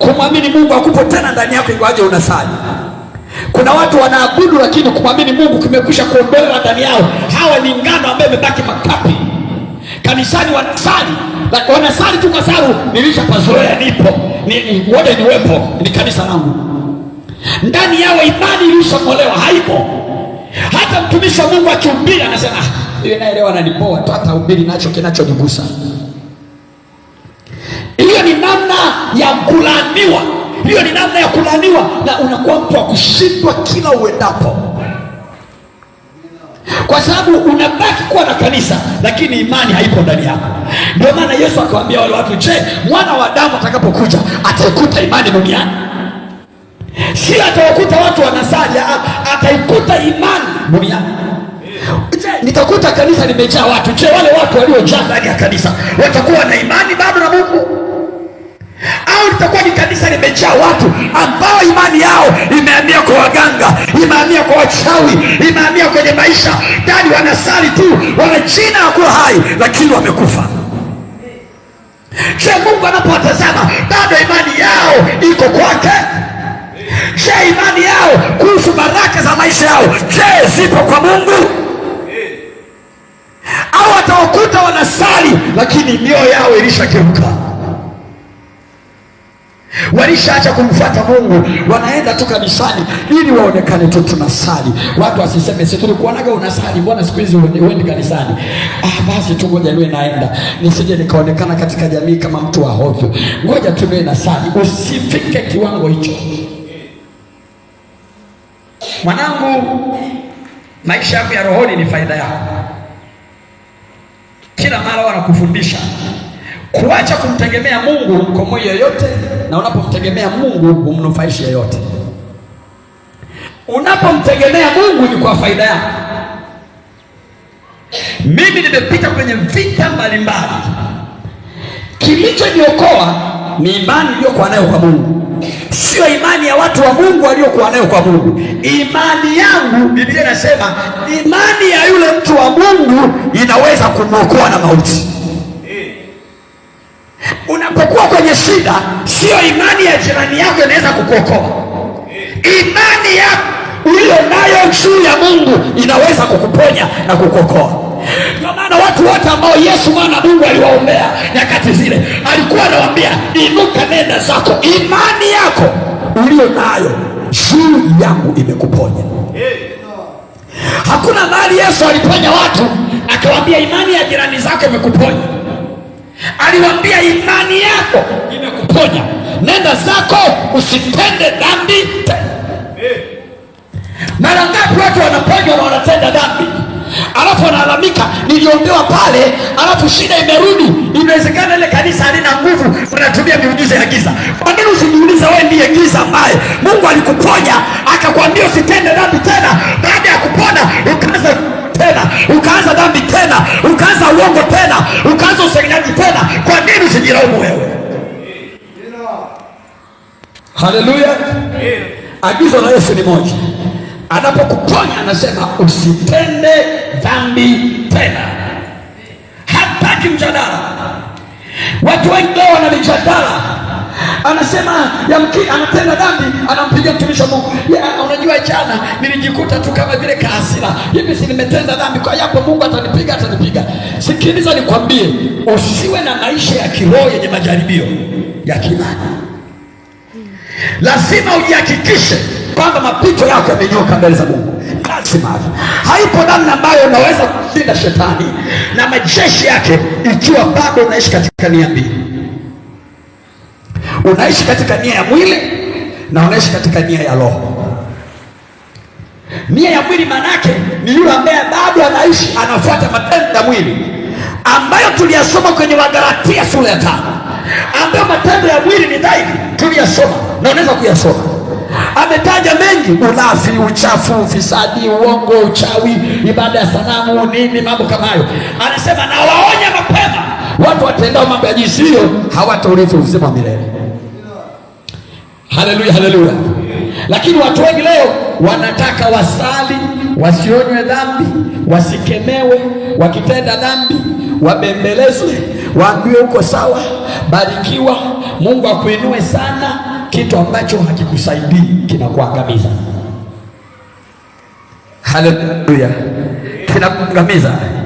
kumwamini Mungu akupo tena ndani yako, ingawaje unasali. Kuna watu wanaabudu lakini kumwamini Mungu kimekwisha kuondolewa ndani yao. Hawa ni ngano ambayo imebaki makapi. Kanisani wanasali wanasali tu kwa sababu nilishapazoea, nipo nione niwepo, ni kanisa langu. Ndani yao imani ilishang'olewa, haipo. Hata mtumishi wa Mungu akihubiri anasema, ah, naelewa ananipoa tu, hata hubiri nacho kinachonigusa namna ya kulaaniwa, hiyo ni namna ya kulaaniwa, na unakuwa mtu wa kushindwa kila uendapo, kwa sababu unabaki kuwa na kanisa lakini imani haipo ndani yako. Ndio maana Yesu akawaambia wale watu, je, mwana wa Adamu atakapokuja ataikuta imani duniani? Si atawakuta watu wanasali, ataikuta imani duniani. nitakuta kanisa limejaa watu? Je, wale watu waliojaa ndani ya kanisa watakuwa na imani bado? kuwaonyesha watu ambao imani yao imehamia kwa waganga, imehamia kwa wachawi, imehamia kwenye maisha dadi. Wanasali tu, ya kuwa hai, lakini wamekufa. Je, Mungu anapowatazama bado imani yao iko kwake? Je, imani yao kuhusu baraka za maisha yao, je, zipo kwa Mungu? Au atawakuta wanasali, lakini mioyo yao ilishakeuka. Walishaacha kumfuata Mungu, wanaenda tu kanisani ili waonekane tu tunasali. Watu wasiseme si tulikuonaga unasali, mbona siku hizi uendi kanisani? Ah, basi tu ngoja niwe naenda nisije nikaonekana katika jamii kama mtu wa hovyo, ngoja tu niwe nasali. Usifike kiwango hicho mwanangu. Maisha yako ya rohoni ni faida yako, kila mara wanakufundisha Kuacha kumtegemea Mungu komoi yoyote, na unapomtegemea Mungu umnufaishi yoyote. Unapomtegemea Mungu ni kwa faida yako. Mimi nimepita kwenye vita mbalimbali, kilichoniokoa ni imani iliyokuwa nayo kwa Mungu, sio imani ya watu wa Mungu waliokuwa nayo kwa Mungu. Imani yangu, Biblia inasema imani ya yule mtu wa Mungu inaweza kumwokoa na mauti kwenye shida, sio imani ya jirani yako inaweza kukuokoa. Imani ya uliyo nayo juu ya Mungu inaweza kukuponya na kukuokoa. Ndio maana watu wote ambao Yesu mwana Mungu aliwaombea nyakati zile, alikuwa anawaambia inuka, nenda zako, imani yako uliyo nayo juu yangu imekuponya. Hakuna mahali Yesu aliponya watu akawaambia imani ya jirani zako imekuponya aliwaambia imani yako imekuponya, nenda zako, usitende dhambi Mara ngapi watu wanaponywa na wanatenda dhambi, alafu wanalalamika, niliombewa pale, alafu shida imerudi. Inawezekana ile kanisa halina nguvu, unatumia miujiza ya giza. Kwa nini usijiuliza, wewe ndiye giza ambaye Mungu alikuponya akakwambia ukaanza dhambi tena, ukaanza uongo tena, ukaanza usengenyaji tena. Kwa nini usijilaumu wewe? Haleluya! Agizo la Yesu ni moja, anapokuponya anasema usitende dhambi tena. Hataki mjadala. Watu wengi leo wana mijadala anasema yamkini anatenda dhambi, anampigia mtumishi wa Mungu. Unajua jana nilijikuta tu kama vile kaasira hivi, si nimetenda dhambi, kwa yapo Mungu atanipiga, atanipiga. Sikiliza nikwambie, usiwe na maisha ya kiroho yenye majaribio ya kimani. Lazima ujihakikishe kwamba mapito yako yamenyoka mbele za Mungu. Lazima, haipo namna ambayo unaweza kushinda shetani na majeshi yake ikiwa bado unaishi katika nia mbili. Unaishi katika nia ya mwili na unaishi katika nia ya roho. Nia ya mwili maanake ni yule ambaye bado anaishi, anafuata matendo ya mwili ambayo tuliyasoma kwenye Wagalatia sura ya tano, ambayo matendo ya mwili ni dhahiri, tuliyasoma na unaweza kuyasoma. Ametaja mengi: ulafi, uchafu, ufisadi, uongo, uchawi, ibada ya sanamu, nini, mambo kama hayo. Anasema nawaonya mapema watu watendao mambo ya jinsi hiyo hawataurithi uzima milele. Haleluya, haleluya. Lakini watu wengi leo wanataka wasali, wasionywe dhambi, wasikemewe, wakitenda dhambi wabembelezwe, waambiwe uko sawa, barikiwa, Mungu akuinue sana. Kitu ambacho hakikusaidii kinakuangamiza. Haleluya, kinakuangamiza.